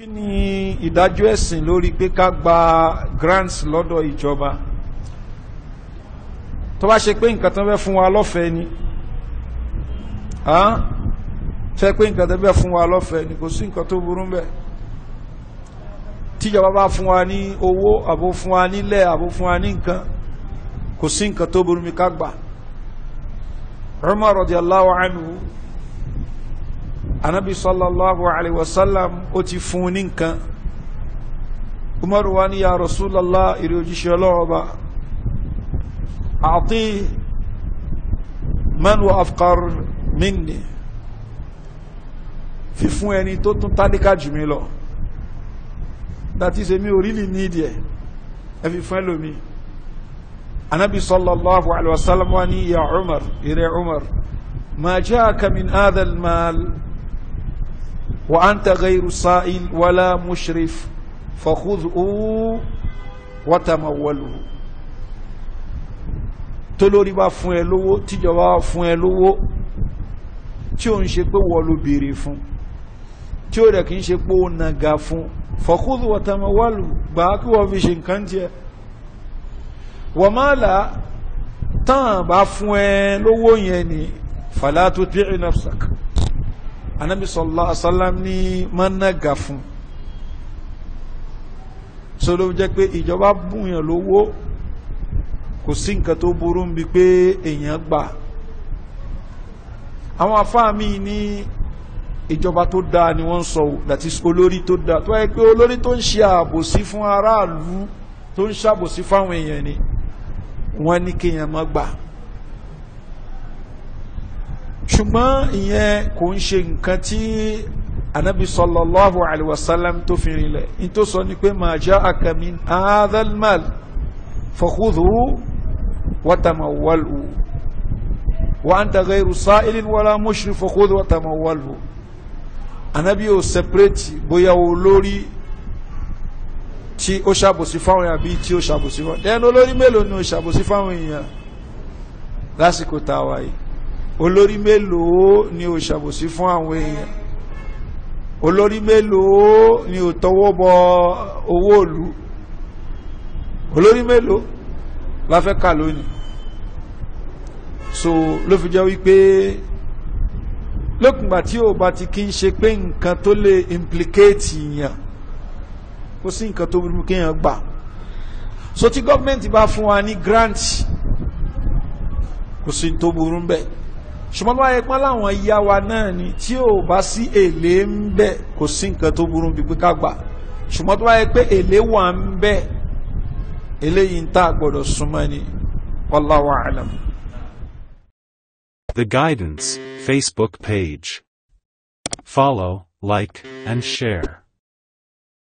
kí ni ìdájọ́ ẹ̀sìn lórí pé ká gba grants lọ́dọ̀ ìjọba tó bá ṣe pé nǹkan tán fẹ́ fún wa lọ́fẹ̀ẹ́ ni fẹ́ pé nǹkan tán fẹ́ fún wa lọ́fẹ̀ẹ́ ni kò sí nǹkan tó burú bẹ́ẹ̀ tíjọba bá fún wa ní owó àbò fún wa nílẹ̀ àbò fún wa ní nǹkan kò sí nǹkan tó burú mi ká gbà Umar radiyallahu anhu anabi sallallahu alayhi wa sallam ó ti fún un ní nǹkan umaru wa ni ya rasulallah iri òjíṣẹ́ ọlọ́ọba àti man wa afqar minni fífún ẹni tó tún tálíkà jù mí lọ that is èmi ò really need ẹ ẹ fi fún ẹlòmí anabi sallallahu alayhi wa sallam wa ni ya umar ire umar ma jaaka min adal maal. وأنت غير سائل ولا مشرف فخذه وتموله tolórí bá fún ẹ lówó tíjọba fún ẹ lówó tí ó ń ṣe pé wọ́n ló béèrè fún tí ó rẹ̀ kì í ṣe pé ó nàga fún فخذه وتموله gbà á kí wọ́n fi ṣe nǹkan tiẹ̀ wàmálà tán bá fún ẹ lówó yẹn ni فلا تطع نفسك anabi sallallahu alaihi ni ní mọ́nàgà fún so ló jẹ́ pé ìjọba bùnyàn lówó kò sí nǹkan tó burú bi pé èèyàn gbà àwọn afáàmì ní ìjọba tó dáa ni wọ́n ń sọ that is olórí tó dáa tó yẹ pé olórí tó ń ṣe àbòsí fún aráàlú tó ń ṣàbòsí fáwọn èèyàn ni wọ́n ní kéèyàn má gbà ṣùgbọ́n ìyẹn kò ń ṣe nǹkan tí anabi sallallahu alayhi wa sallam tó fi rinlẹ̀ ní tó sọ ni pé ma ja'aka min hadhal mal fakhudhu wa tamawwalhu wa anta ghayru sa'ilin wala mushri fakhudhu wa tamawwalhu anabi ò separate bóyá olórí tí ó ṣàbòsí fáwọn èèyàn bíi tí ó ṣàbòsí fáwọn èèyàn olórí mélòó ni ó ṣàbòsí fáwọn èèyàn lásìkò tá a wáyé olórí mélòó ni ò ṣàbòsí fún àwọn èèyàn olórí mélòó ni ò tọwọ́ bọ owó ìlú olórí mélòó la fẹ́ kà lónìí so ló fi jẹ́ wípé lókùngbà tí ò bá ti kí ń ṣe pé nǹkan tó lè implicate yàn kó sí nǹkan tó burú kéèyàn gbà so tí gọ́ọ̀mẹ̀ntì bá fún wa ní grant kò sí tó burú bẹ́ẹ̀ ṣùgbọ́n bá yẹ pọ́n láwọn ya wa náà ni tí ò bá sí èlé ń bẹ kò sí nǹkan tó burú bíi pé gbà ṣùgbọ́n tó bá yẹ pé èlé wà ń bẹ eléyìí ń tá gbọ́dọ̀ súnmọ́ ni wallahu a'lam. The Guidance Facebook page. Follow, like, and share.